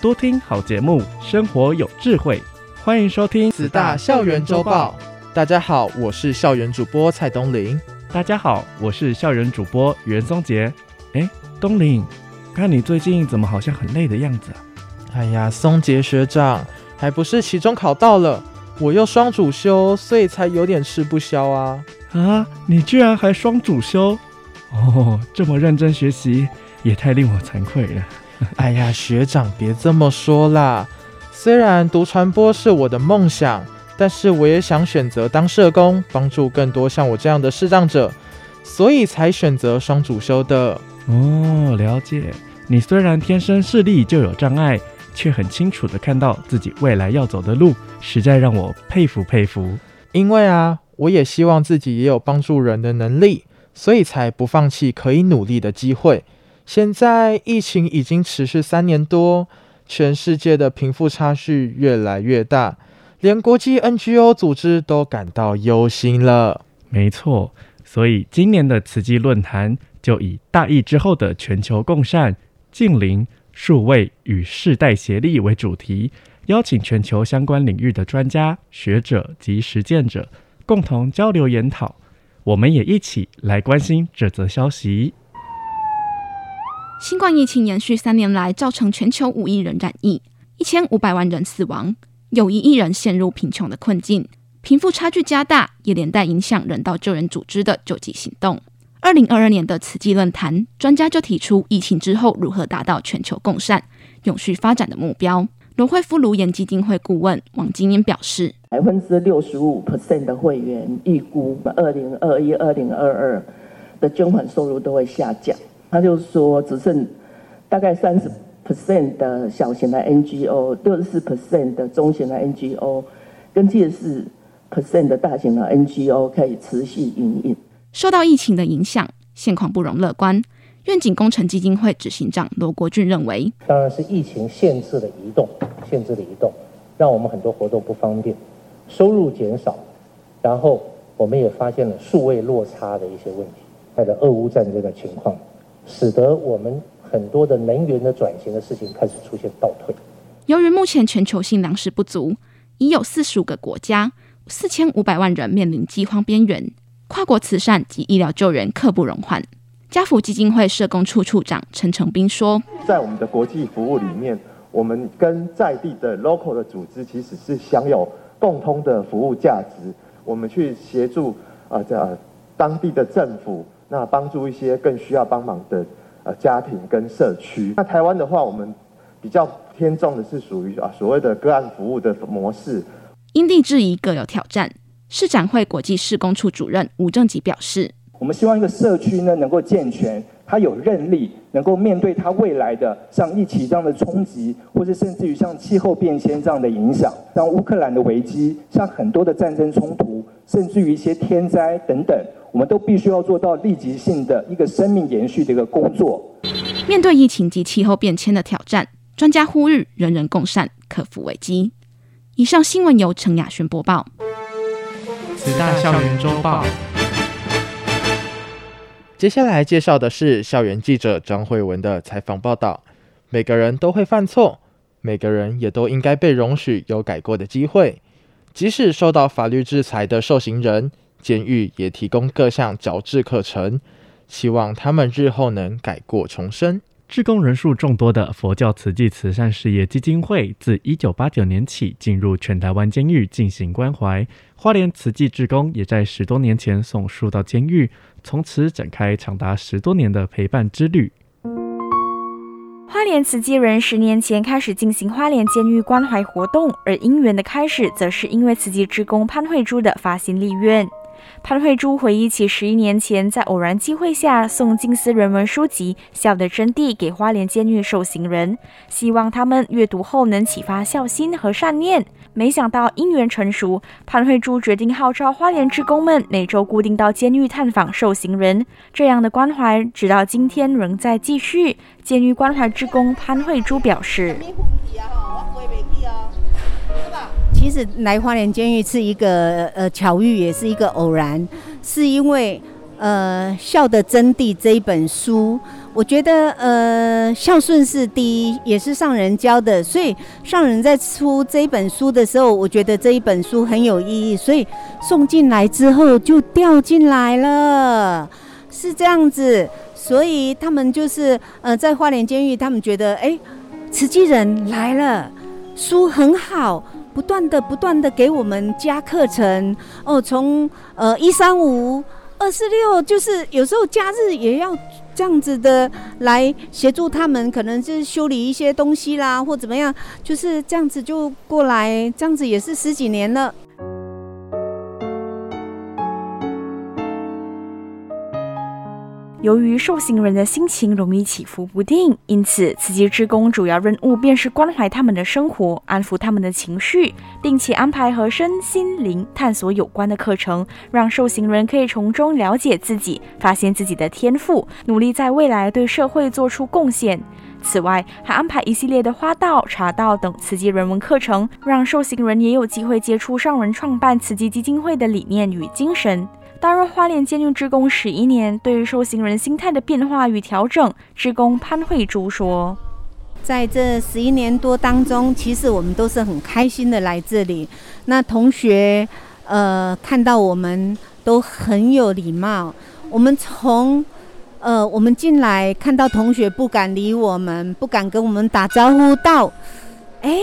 多聽好節目，生活有智慧。歡迎收聽慈大校園週報。大家好，我是校園主播蔡東霖。大家好，我是校園主播袁崧傑。誒、欸，東霖，看你最近怎麼好像很累的樣子、啊。哎呀，崧傑學長，還不是期中考到了，我又雙主修，所以才有點吃不消啊。啊，你居然還雙主修？哦，這麼認真學習，也太令我慚愧了。 哎呀，學長，別這麼說啦。雖然讀傳播是我的夢想，但是我也想選擇當社工，幫助更多像我這樣的視障者，所以才選擇雙主修的。哦，了解。你雖然天生視力就有障礙，卻很清楚地看到自己未來要走的路，實在讓我佩服佩服。因為啊，我也希望自己也有幫助人的能力，所以才不放棄可以努力的機會。現在疫情已經持續三年多，全世界的貧富差距越來越大，連國際 NGO 組織都感到憂心了。沒錯，所以今年的慈濟論壇就以“大疫之後的全球共善、近鄰、數位與世代協力”為主題，邀請全球相關領域的專家學者及實踐者共同交流研討。我們也一起來關心這則消息。新冠疫情延續三年來，造成全球五億人染疫，一千五百萬人死亡，有一億人陷入貧窮的困境，貧富差距加大，也連帶影響人道救援組織的救濟行動。二零二二年的慈濟論壇，專家就提出疫情之後如何達到全球共善、永續發展的目標。羅慧夫顱顏基金會顧問王金英表示，百分之六十五 percent 的會員預估，二零二一、二零二二的捐款收入都會下降。他就說，只剩大概三十 percent 的小型的 NGO，六十四 percent 的中型的 NGO，跟七十四 percent 的大型的 NGO 可以持續營運。受到疫情的影響，現況不容樂觀。願景工程基金會執行長羅國俊認為，當然是疫情限制了移動，限制了移動，讓我們很多活動不方便，收入減少，然後我們也發現了數位落差的一些問題，還有俄烏戰爭的情況。使得我們很多的能源的轉型的事情開始出現倒退。由於目前全球性糧食不足，已有四十五個國家、四千五百萬人面臨饑荒邊緣，跨國慈善及醫療救援刻不容緩。家福基金會社工處處長陳成斌說：“在我們的國際服務裡面，我們跟在地的 local 的組織其實是享有共通的服務價值，我們去協助啊，這、呃呃、當地的政府。”那幫助一些更需要幫忙的呃家庭跟社區。那台灣的話，我們比較偏重的是屬於啊所謂的個案服務的模式。因地制宜，各有挑戰。市展會國際事工處主任吳正吉表示，我們希望一個社區呢能夠健全，它有韌力，能夠面對它未來的像疫情這樣的衝擊，或是甚至於像氣候變遷這樣的影響，像烏克蘭的危機，像很多的戰爭衝突。甚至於一些天災等等，我們都必須要做到立即性的一個生命延續的一個工作。面對疫情及氣候變遷的挑戰，專家呼籲人人共善，克服危機。以上新聞由程雅焄播報。慈大校園週報。接下來介紹的是校園記者張惠雯的採訪報道。每個人都會犯錯，每個人也都應該被容許有改過的機會。即使受到法律制裁的受刑人，監獄也提供各項矯治課程，期望他們日後能改過重生。志工人數眾多的佛教慈濟慈善事業基金會，自1989年起進入全台灣監獄進行關懷。花蓮慈濟志工也在十多年前送書到監獄，從此展開長達十多年的陪伴之旅。花蓮慈濟人十年前開始進行花蓮監獄關懷活動，而因緣的開始則是因為慈濟志工潘慧珠的發心立願。潘慧珠回憶起十一年前在偶然機會下送靜思人文書籍《孝的真諦》給花蓮監獄受刑人，希望他們閱讀後能啟發孝心和善念。沒想到因緣成熟，潘慧珠決定號召花蓮志工們每週固定到監獄探訪受刑人。這樣的關懷，直到今天仍在繼續。監獄關懷志工潘慧珠表示：“其實來花蓮監獄是一個、呃、巧遇，也是一個偶然，是因為呃《孝的真諦》這本書。”我覺得，呃，孝順是第一，也是上人教的，所以上人在出這一本書的時候，我覺得這一本書很有意義，所以送進來之後就掉進來了，是這樣子。所以他們就是，呃，在花蓮監獄，他們覺得，哎、欸，慈濟人來了，書很好，不斷的不斷的給我們加課程，哦，從呃一三五二四六，1, 3, 5, 2, 4, 6, 就是有時候假日也要。這樣子的來協助他們，可能就是修理一些東西啦，或怎麼樣，就是這樣子就過來，這樣子也是十幾年了。由於受刑人的心情容易起伏不定，因此慈濟志工主要任務便是關懷他們的生活，安撫他們的情緒，並且安排和身心靈探索有關的課程，讓受刑人可以從中了解自己，發現自己的天賦，努力在未來對社會做出貢獻。此外，還安排一系列的花道、茶道等慈濟人文課程，讓受刑人也有機會接觸上人創辦慈濟基,基金會的理念與精神。擔任花蓮監獄志工十一年，對於受刑人心態的變化與調整，志工潘慧珠說：“在這十一年多當中，其實我們都是很開心的來這裡。那同學，呃，看到我們都很有禮貌。我們從，呃，我們進來看到同學不敢理我們，不敢跟我們打招呼，到，哎，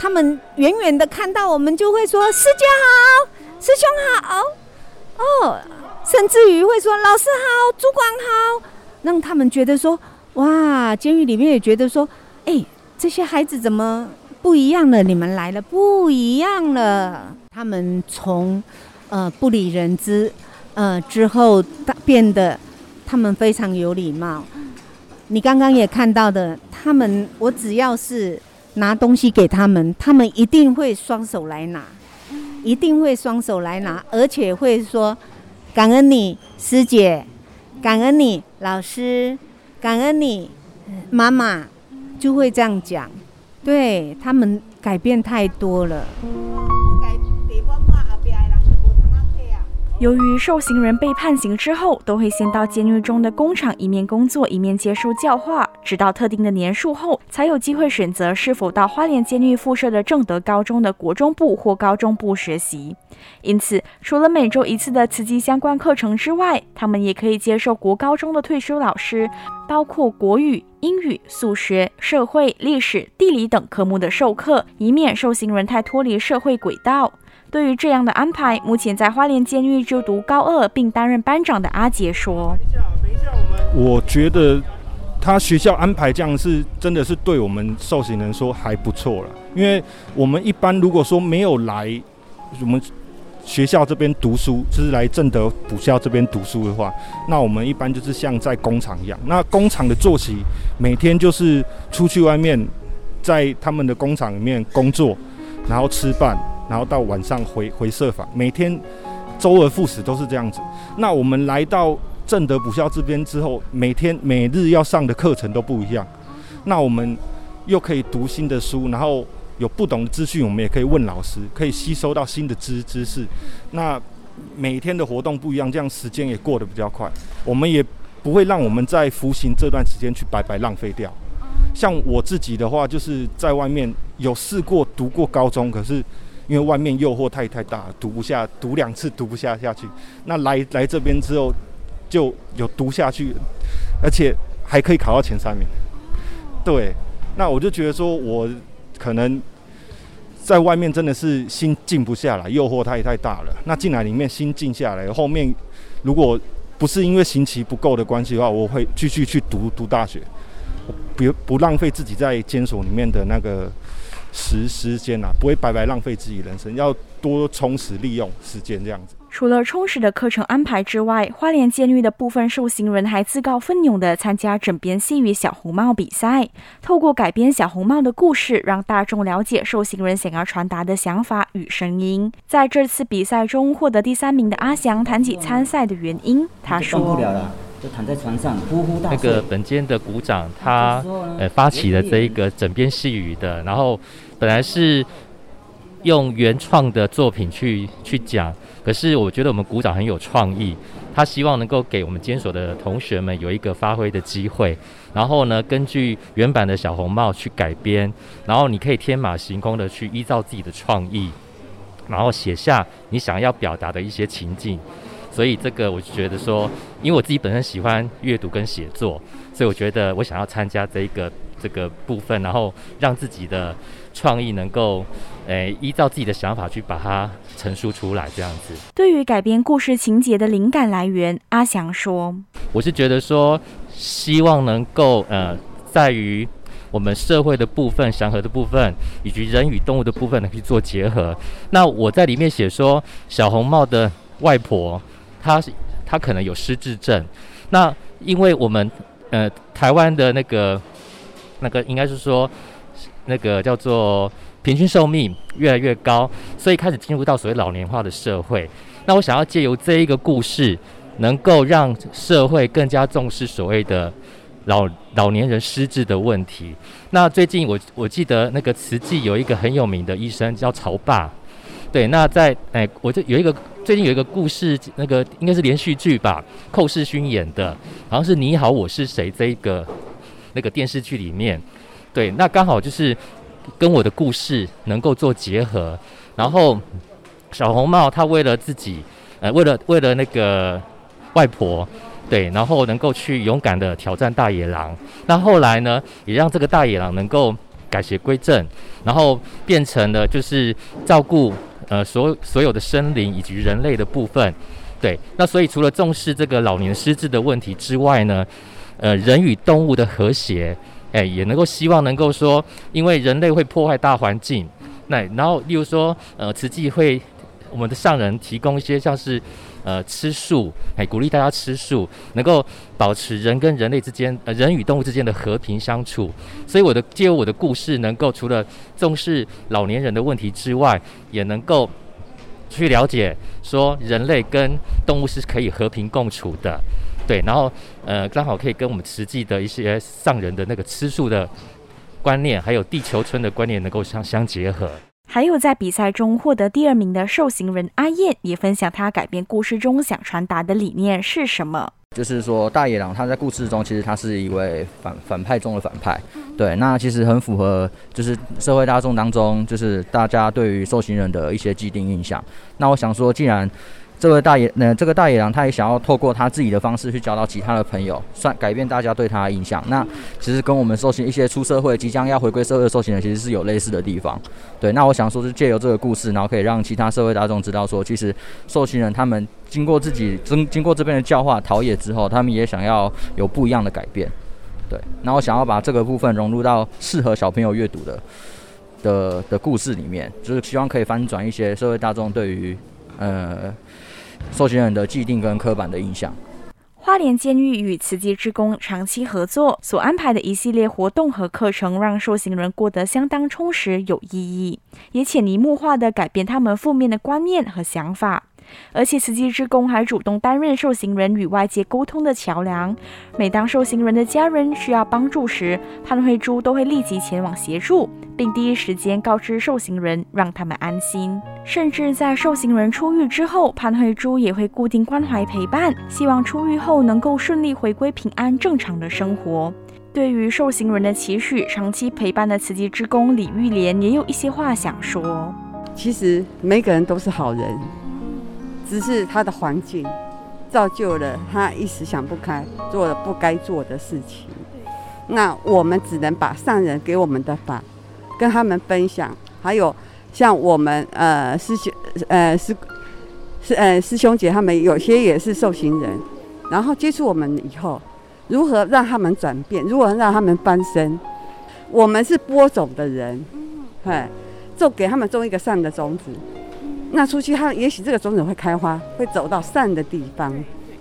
他們遠遠的看到我們就會說師姐好，師兄好。”哦，甚至於會說“老師好，主管好”，讓他們覺得說：“哇，監獄裡面也覺得說，哎、欸，這些孩子怎麼不一樣了？你們來了，不一樣了。”他們從呃不理人之呃之後，變得他們非常有禮貌。你剛剛也看到的，他們我只要是拿東西給他們，他們一定會雙手來拿。一定會雙手來拿，而且會說：“感恩你師姐，感恩你老師，感恩你媽媽，就會這樣講。對”對他們改變太多了。由於受刑人被判刑之後，都會先到監獄中的工廠，一面工作，一面接受教化，直到特定的年數後，才有機會選擇是否到花蓮監獄附設的正德高中的國中部或高中部學習。因此，除了每週一次的慈濟相關課程之外，他們也可以接受國高中的退休老師，包括國語、英語、數學、社會、歷史、地理等科目的授課，以免受刑人太脫離社會軌道。對於這樣的安排，目前在花蓮監獄就讀高二並擔任班長的阿杰說：“我我覺得他學校安排這樣是真的是對我們受刑人說還不錯了，因為我們一般如果說沒有來我們學校這邊讀書，就是來正德補校這邊讀書的話，那我們一般就是像在工廠一樣，那工廠的作息每天就是出去外面，在他們的工廠裡面工作，然後吃飯。”然後到晚上回回舍房，每天周而復始都是這樣子。那我們來到正德補校這邊之後，每天每日要上的課程都不一樣。那我們又可以讀新的書，然後有不懂的資訊，我們也可以問老師，可以吸收到新的知知識。那每天的活動不一樣，這樣時間也過得比較快。我們也不會讓我們在服刑這段時間去白白浪費掉。像我自己的話，就是在外面有試過讀過高中，可是。因為外面誘惑太太大，讀不下，讀兩次讀不下下去。那來來這邊之後，就有讀下去，而且還可以考到前三名。對，那我就覺得說，我可能在外面真的是心靜不下來，誘惑太太大了。那進來裡面心靜下來，後面如果不是因為刑期不夠的關係的話，我會繼續去讀讀大學，不不浪費自己在監所裡面的那個。時時間啊，不會白白浪費自己人生，要多充實利用時間這樣子。除了充實的課程安排之外，花蓮監獄的部分受刑人還自告奮勇的參加枕邊細語小紅帽比賽，透過改編小紅帽的故事，讓大眾了解受刑人想要傳達的想法與聲音。在這次比賽中獲得第三名的阿翔談起參賽的原因，他說。躺在床上呼呼大聲，那個本監的股長，他呃發起了這一個枕邊細語的，然後本來是用原創的作品去去講，可是我覺得我們股長很有創意，他希望能夠給我們監所的同學們有一個發揮的機會，然後呢，根據原版的小紅帽去改編，然後你可以天馬行空的去依照自己的創意，然後寫下你想要表達的一些情境。所以這個我就覺得說，因為我自己本身喜歡閱讀跟寫作，所以我覺得我想要參加這一個這個部分，然後讓自己的創意能夠、哎，誒依照自己的想法去把它陳述出來這樣子。對於改編故事情節的靈感來源，阿翔說：“我是覺得說，希望能夠呃，在於我們社會的部分、祥和的部分，以及人與動物的部分，能去做結合。那我在裡面寫說，小紅帽的外婆。”他是他可能有失智症，那因為我們呃台灣的那個那個應該是說那個叫做平均壽命越來越高，所以開始進入到所謂老年化的社會。那我想要借由這一個故事，能夠讓社會更加重視所謂的老老年人失智的問題。那最近我我記得那個慈濟有一個很有名的醫生叫曹爸。對，那在誒、哎，我就有一個最近有一個故事，那個應該是連續劇吧，寇世勳演的，好像是你好，我是誰這一個那個電視劇裡面，對，那剛好就是跟我的故事能夠做結合，然後小紅帽她為了自己，呃，為了為了那個外婆，對，然後能夠去勇敢的挑戰大野狼，那後來呢，也讓這個大野狼能夠改邪歸正，然後變成了就是照顧。呃，所所有的森林以及人類的部分，對，那所以除了重視這個老年失智的問題之外呢，呃，人與動物的和諧，哎、欸，也能夠希望能夠說，因為人類會破壞大環境，那然後例如說，呃，慈濟會我們的上人提供一些像是。呃，吃素，還鼓勵大家吃素，能夠保持人跟人類之間，呃，人與動物之間的和平相處。所以我的借由我的故事，能夠除了重視老年人的問題之外，也能夠去了解說人類跟動物是可以和平共處的，對。然後，呃，剛好可以跟我們慈濟的一些上人的那個吃素的觀念，還有地球村的觀念能夠相相結合。還有在比賽中獲得第二名的受刑人阿燕也分享他改編故事中想傳達的理念是什麼？就是說大野狼他在故事中其實他是一位反反派中的反派，對，那其實很符合就是社會大眾當中就是大家對於受刑人的一些既定印象。那我想說，既然這位大野，呢、呃，這個大野狼，他也想要透過他自己的方式去交到其他的朋友，算改變大家對他的印象。那其實跟我們受刑一些出社會即將要回歸社會的受刑人，其實是有類似的地方。對，那我想說是借由這個故事，然後可以讓其他社會大眾知道說，說其實受刑人他們經過自己經經過這邊的教化陶冶之後，他們也想要有不一樣的改變。對，那我想要把這個部分融入到適合小朋友閱讀的的的故事裡面，就是希望可以翻轉一些社會大眾對於呃。受刑人的既定跟刻板的印象。花蓮監獄與慈濟志工長期合作，所安排的一系列活動和課程，讓受刑人過得相當充實有意義，也潛移默化的改變他們負面的觀念和想法。而且，慈濟志工還主動擔任受刑人與外界溝通的橋樑。每當受刑人的家人需要幫助時，潘慧珠都會立即前往協助，並第一時間告知受刑人，讓他們安心。甚至在受刑人出獄之後，潘慧珠也會固定關懷陪伴，希望出獄後能夠順利回歸平安正常的生活。對於受刑人的期許，長期陪伴的慈濟志工李玉蓮也有一些話想說：其實每個人都是好人。只是他的環境造就了他一時想不開，做了不該做的事情。那我們只能把上人給我們的法跟他們分享，還有像我們呃師兄呃師師呃師兄姐他們有些也是受刑人，然後接觸我們以後，如何讓他們轉變，如何讓他們翻身？我們是播種的人，嘿，種給他們種一個善的種子。那出去，他也許這個種子會開花，會走到善的地方，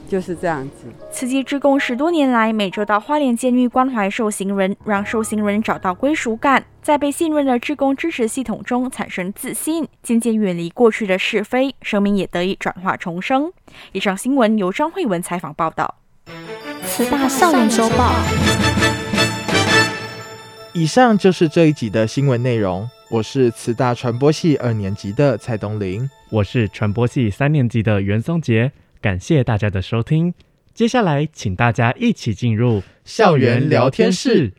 就是這樣子。慈濟志工十多年來，每週到花蓮監獄關懷受刑人，讓受刑人找到歸屬感，在被信任的志工支持系統中產生自信，漸漸遠離過去的是非，生命也得以轉化重生。以上新聞由張惠雯採訪報道，《慈大校園週報》。以上就是這一集的新聞內容。我是慈大傳播系二年級的蔡東霖，我是傳播系三年級的袁崧傑，感謝大家的收聽，接下來，請大家一起進入校園聊天室。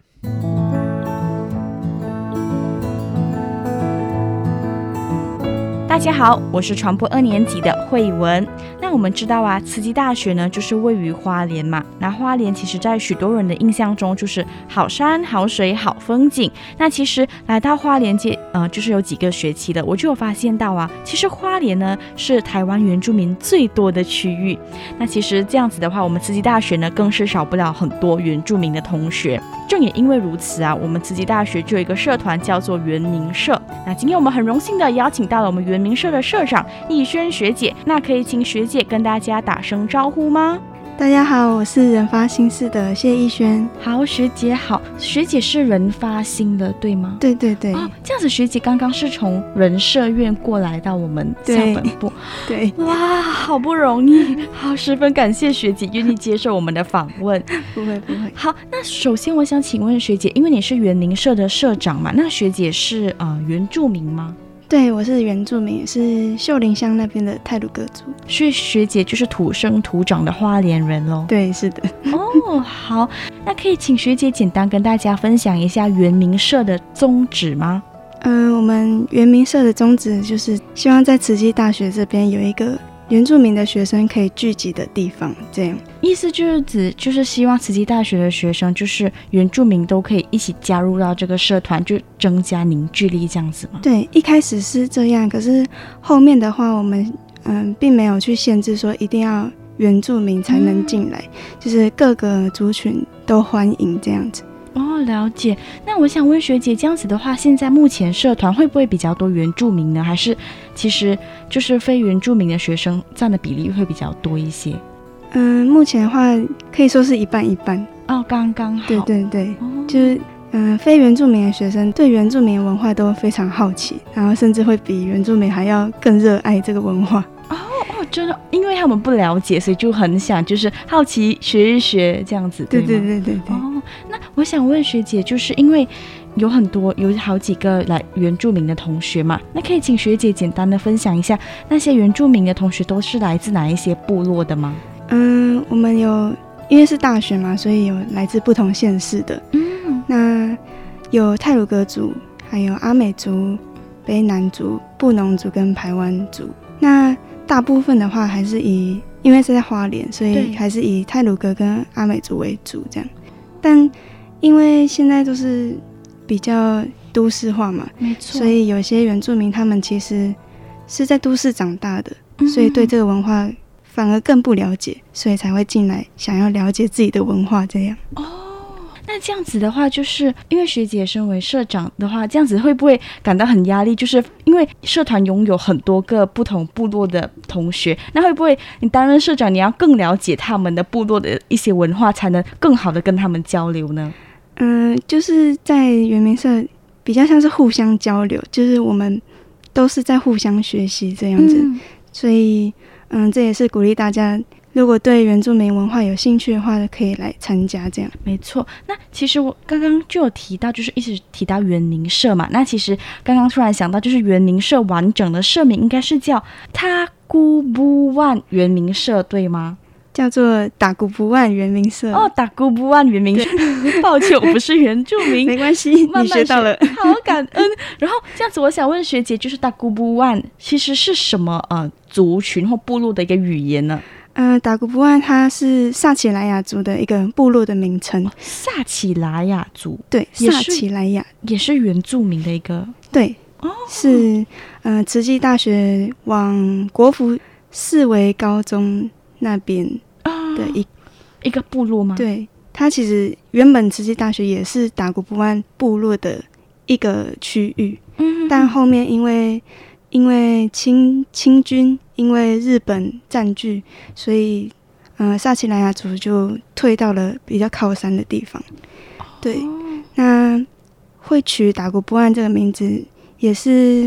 大家好，我是傳播二年級的惠雯。那我們知道啊，慈濟大學呢，就是位於花蓮嘛。那花蓮其實在許多人的印象中，就是好山好水好風景。那其實來到花蓮街，呃，就是有幾個學期的，我就有發現到啊，其實花蓮呢是台灣原住民最多的區域。那其實這樣子的話，我們慈濟大學呢，更是少不了很多原住民的同學。正也因為如此啊，我們慈濟大學就有一個社團叫做原民社。那今天我們很榮幸的邀請到了我們原。民社的社長懿萱學姐，那可以請學姐跟大家打聲招呼嗎？大家好，我是人發心系的謝懿萱。好，學姐好，學姐是人發心的，對嗎？對對對。哦、啊，這樣子，學姐剛剛是從人社院過來到我們校本部對。對。哇，好不容易，好，十分感謝學姐願意接受我們的訪問。 不會不會。好，那首先我想請問學姐，因為你是原民社的社長嘛，那學姐是呃原住民嗎？對，我是原住民，是秀林鄉那邊的太魯閣族。所以學姐就是土生土長的花蓮人嘍？對，是的。哦，好，那可以請學姐簡單跟大家分享一下原民社的宗旨嗎？呃，我們原民社的宗旨就是希望在慈濟大學這邊有一個。原住民的學生可以聚集的地方，這樣意思就是指，就是希望慈濟大學的學生，就是原住民都可以一起加入到這個社團，就增加凝聚力這樣子嗎？對，一開始是這樣，可是後面的話，我們嗯、呃，並沒有去限制說一定要原住民才能進來、嗯，就是各個族群都歡迎這樣子。哦，了解。那我想問學姐，這樣子的話，現在目前社團會不會比較多原住民呢？還是？其實就是非原住民的學生占的比例會比較多一些。嗯、呃，目前的話可以說是一半一半哦，剛剛好。對對對、哦，就是嗯、呃，非原住民的學生對原住民文化都非常好奇，然後甚至會比原住民還要更熱愛這個文化。哦哦，真的，因為他們不了解，所以就很想就是好奇學一學這樣子。對對對對對，對。哦，那我想問學姐，就是因為。有很多有好幾個來原住民的同學嘛，那可以請學姐簡單的分享一下那些原住民的同學都是來自哪一些部落的嗎？嗯、呃，我們有因為是大學嘛，所以有來自不同縣市的。嗯，那有太魯閣族、還有阿美族、卑南族、布農族跟排灣族。那大部分的話還是以因為是在花蓮，所以還是以太魯閣跟阿美族為主這樣。但因為現在都是。比較都市化嘛，沒錯，所以有些原住民他們其實是在都市長大的，嗯，所以對這個文化反而更不了解，所以才會進來想要了解自己的文化這樣。哦，那這樣子的話，就是因為學姐身為社長的話，這樣子會不會感到很壓力？就是因為社團擁有很多個不同部落的同學，那會不會你擔任社長，你要更了解他們的部落的一些文化，才能更好的跟他們交流呢？嗯、呃,就是在原民社比較像是互相交流，就是我們都是在互相學習這樣子，嗯、所以嗯、呃，這也是鼓勵大家，如果對原住民文化有興趣的話，可以來參加這樣。沒錯，那其實我剛剛就有提到，就是一直提到原民社嘛，那其實剛剛突然想到，就是原民社完整的社名應該是叫 Takubuwan 原民社，對嗎？叫做打古布萬原民社哦，oh, 打古布萬原民社， 抱歉我不是原住民， 沒關係， 慢慢學，你學到了，好感恩。 然後這樣子，我想問學姐，就是打古布萬其實是什麼呃族群或部落的一個語言呢？嗯、呃，打古布萬它是薩奇萊雅族的一個部落的名稱，薩、哦、奇萊雅族對，薩奇萊雅也是原住民的一個對哦，是嗯，慈、呃、濟大學往國服四維高中那邊。對，一一個部落嗎？對，它其實原本慈濟大學也是達固部灣部落的一個區域，嗯，嗯，嗯，但後面因為因為清清軍，因為日本佔據，所以，嗯、呃，撒奇萊雅族就退到了比較靠山的地方。哦、對，那會取“達固部灣”這個名字，也是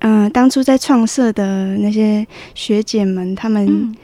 嗯、呃，當初在創設的那些學姐們他們。嗯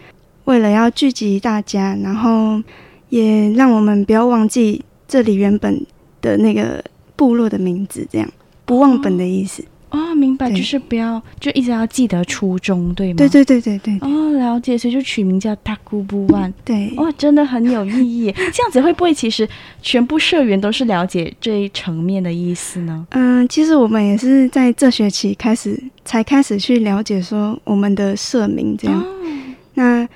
為了要聚集大家，然後也讓我們不要忘記這裡原本的那個部落的名字，這樣不忘本的意思哦，哦。明白，就是不要就一直要記得初衷，對嗎？對，對對對對對。哦，了解，所以就取名叫 Takubuwan，嗯、對，哦，真的很有意義。 這樣子會不會其實全部社員都是了解這一層面的意思呢？嗯、呃，其實我們也是在這學期開始才開始去了解說我們的社名這樣。哦、那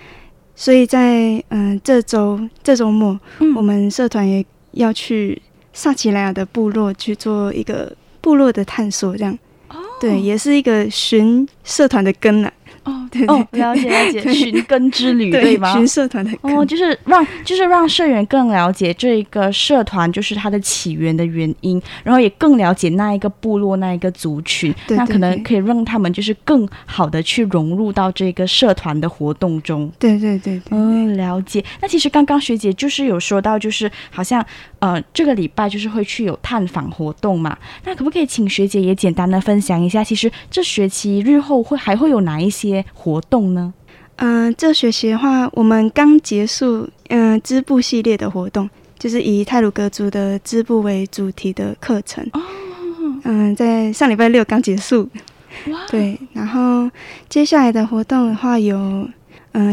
所以在嗯、呃、這週這週末，嗯、我們社團也要去撒奇萊雅的部落去做一個部落的探索，這樣，oh. 對，也是一個尋社團的根了、啊。Oh. 對對對哦，了解了解，尋根之旅對嗎？尋社團的哦，就是讓就是讓社員更了解這一個社團，就是它的起源的原因，然後也更了解那一個部落那一個族群，對對對對，那可能可以讓他們就是更好的去融入到這個社團的活動中。對對對，對，對，嗯、哦，了解。那其實剛剛學姐就是有說到，就是好像呃這個禮拜就是會去有探訪活動嘛，那可不可以請學姐也簡單的分享一下？其實這學期日後會還會有哪一些？活動呢？嗯、呃，這學期的話，我們剛結束嗯、呃、織布系列的活動，就是以太魯閣族的織布為主題的課程嗯、oh. 呃，在上禮拜六剛結束。Wow. 對。然後接下來的活動的話有，有、呃、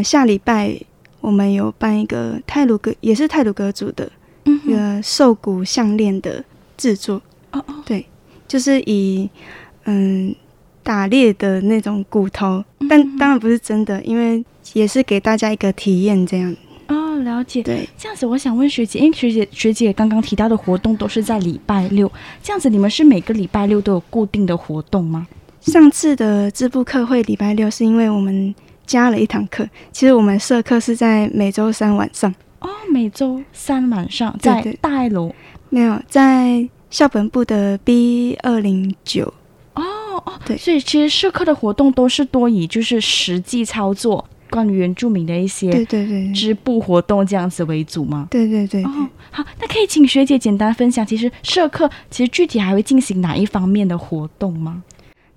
嗯，下禮拜我們有辦一個太魯閣，也是太魯閣族的那、mm -hmm. 個獸骨項鏈的制作。哦哦，對，就是以嗯。呃打獵的那種骨頭，但當然不是真的，因為也是給大家一個體驗這樣。哦，了解。對，這樣子，我想問學姐，因為學姐學姐剛剛提到的活動都是在禮拜六，這樣子你們是每個禮拜六都有固定的活動嗎？上次的織布課會禮拜六是因為我們加了一堂課，其實我們社課是在每周三晚上。哦，每周三晚上，在大樓？沒有，在校本部的 B 二零九。Oh, 對，所以其實社課的活動都是多以就是實際操作關於原住民的一些對對對織布活動這樣子為主嗎？對對對，對，對。哦、oh，好，那可以請學姐簡單分享，其實社課其實具體還會進行哪一方面的活動嗎？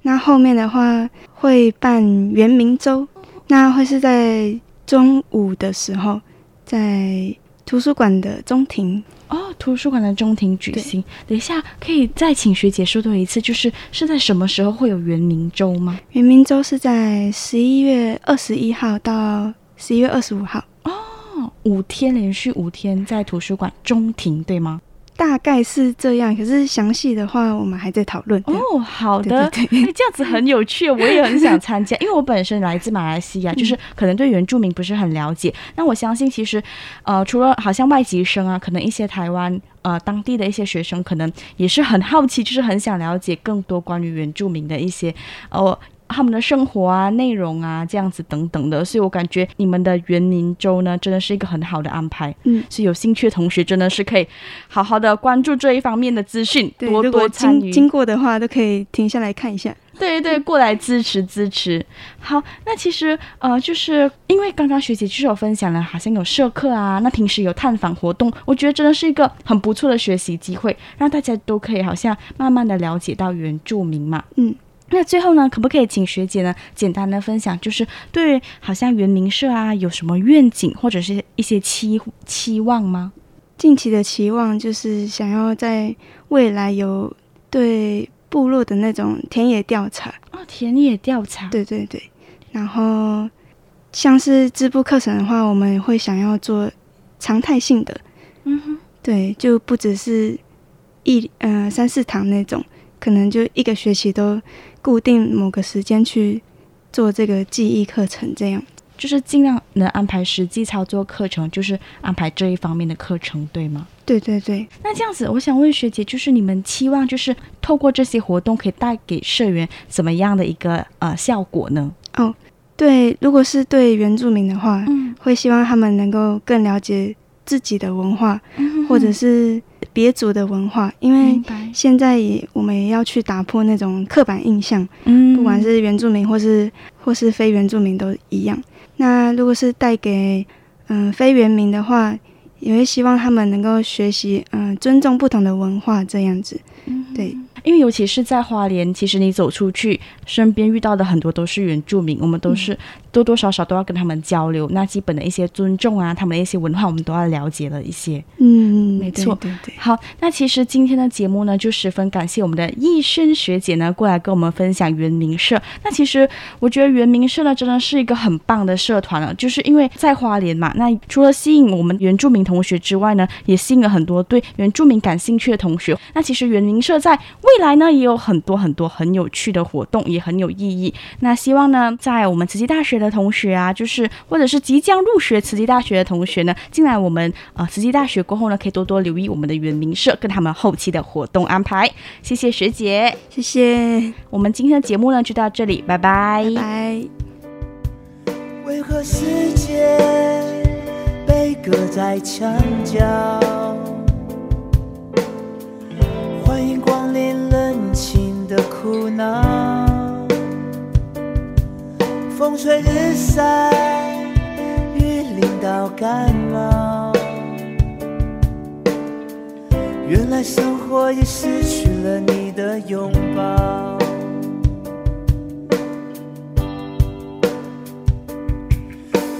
那後面的話會辦原民粥，那會是在中午的時候在圖書館的中庭。哦，圖書館的中庭舉行。等一下，可以再請學姐說多一次，就是是在什麼時候會有原民週嗎？原民週是在十一月二十一號到十一月二十五號，哦，五天連續五天在圖書館中庭，對嗎？大概是這樣，可是詳細的話，我們還在討論。哦，好的，對對對，這樣子很有趣，我也很想參加， 因為我本身來自馬來西亞，就是可能對原住民不是很了解。那、嗯、我相信，其實，呃，除了好像外籍生啊，可能一些台灣呃當地的一些學生，可能也是很好奇，就是很想了解更多關於原住民的一些哦。呃他們的生活啊、內容啊，這樣子等等的，所以我感覺你們的原民週，呢，真的是一個很好的安排。嗯，所以有興趣的同學真的是可以好好的關注這一方面的資訊，多多參與，經經過的話，都可以停下來看一下。對對對，過來支持支持。嗯、好，那其實呃，就是因為剛剛學姐就是有分享了，好像有社課啊，那平時有探訪活動，我覺得真的是一個很不錯的學習機會，讓大家都可以好像慢慢的了解到原住民嘛。嗯。那最後呢，可不可以請學姐呢，簡單的分享，就是對好像原民社啊有什麼願景或者是一些期期望嗎？近期的期望就是想要在未來有對部落的那種田野調查哦，田野調查。對對對，然後像是織布課程的話，我們會想要做常態性的，嗯哼，對，就不只是一呃三四堂那種。可能就一個學期都固定某個時間去做這個記憶課程，這樣就是儘量能安排實際操作課程，就是安排這一方面的課程，對嗎？對對對。那這樣子，我想問學姐，就是你們期望就是透過這些活動可以帶給社員怎麼樣的一個呃效果呢？哦，對，如果是對原住民的話，嗯，會希望他們能夠更了解自己的文化，嗯、哼哼或者是。別族的文化，因為現在也我們也要去打破那種刻板印象，嗯，不管是原住民或是或是非原住民都一樣。那如果是帶給嗯、呃、非原民的話，也會希望他們能夠學習嗯、呃、尊重不同的文化這樣子，嗯、對，因為尤其是在花蓮，其實你走出去，身邊遇到的很多都是原住民，我們都是。嗯多多少少都要跟他們交流，那基本的一些尊重啊，他們的一些文化，我們都要了解了一些。嗯，沒錯，對，對對。好，那其實今天的節目呢，就十分感謝我們的懿萱學姐呢，過來跟我們分享原民社。那其實我覺得原民社呢，真的是一個很棒的社團了，就是因為在花蓮嘛，那除了吸引我們原住民同學之外呢，也吸引了很多對原住民感興趣的同學。那其實原民社在未來呢，也有很多很多很有趣的活動，也很有意義。那希望呢，在我們慈濟大學。的同學啊，就是或者是即將入學慈濟大學的同學呢，進來我們啊、呃、慈濟大學過後呢，可以多多留意我們的原民社跟他們後期的活動安排。謝謝學姐，謝謝。我們今天的節目呢，就到這裡，拜拜。為何世界被隔在牆角？歡迎光臨，冷清的苦惱。風吹日曬，雨淋到感冒。原來生活已失去了你的擁抱，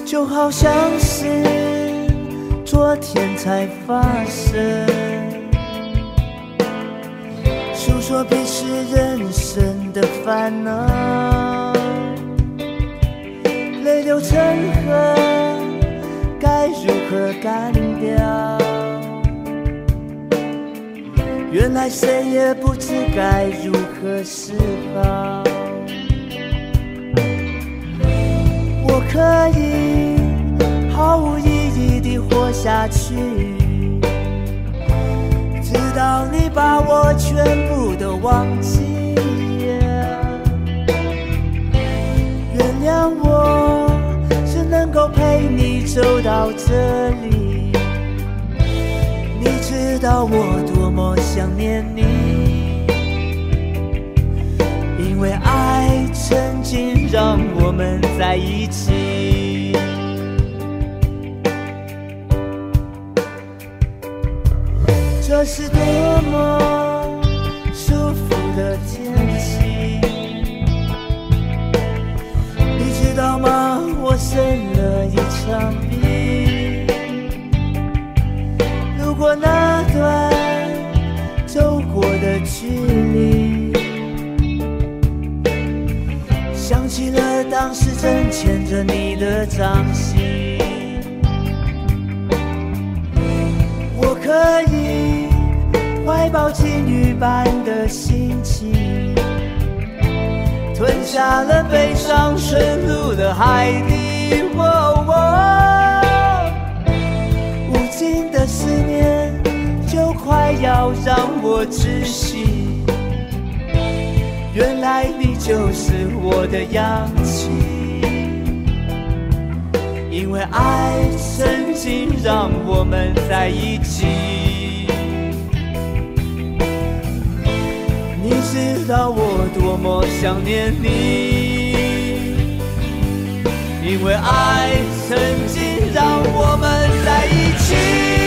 就好像是昨天才發生，訴說彼此人生的煩惱。淚流成河，該如何乾掉？原來誰也不知該如何是好。我可以毫無意義地活下去，直到你把我全部都忘記呀。原諒我。能夠陪你走到這裡，你知道我多麼想念你，因為愛曾經讓我們在一起，這是多麼舒服。我生了一場病，路過那段走過的距離，想起了當時正牽着你的掌心，我可以懷抱情侶般的心情。吞下了悲傷，沉入了海底。我我無盡的思念就快要讓我窒息。原來你就是我的氧氣，因為愛曾經讓我們在一起。知道我多麼想念你，因為愛曾經讓我們在一起。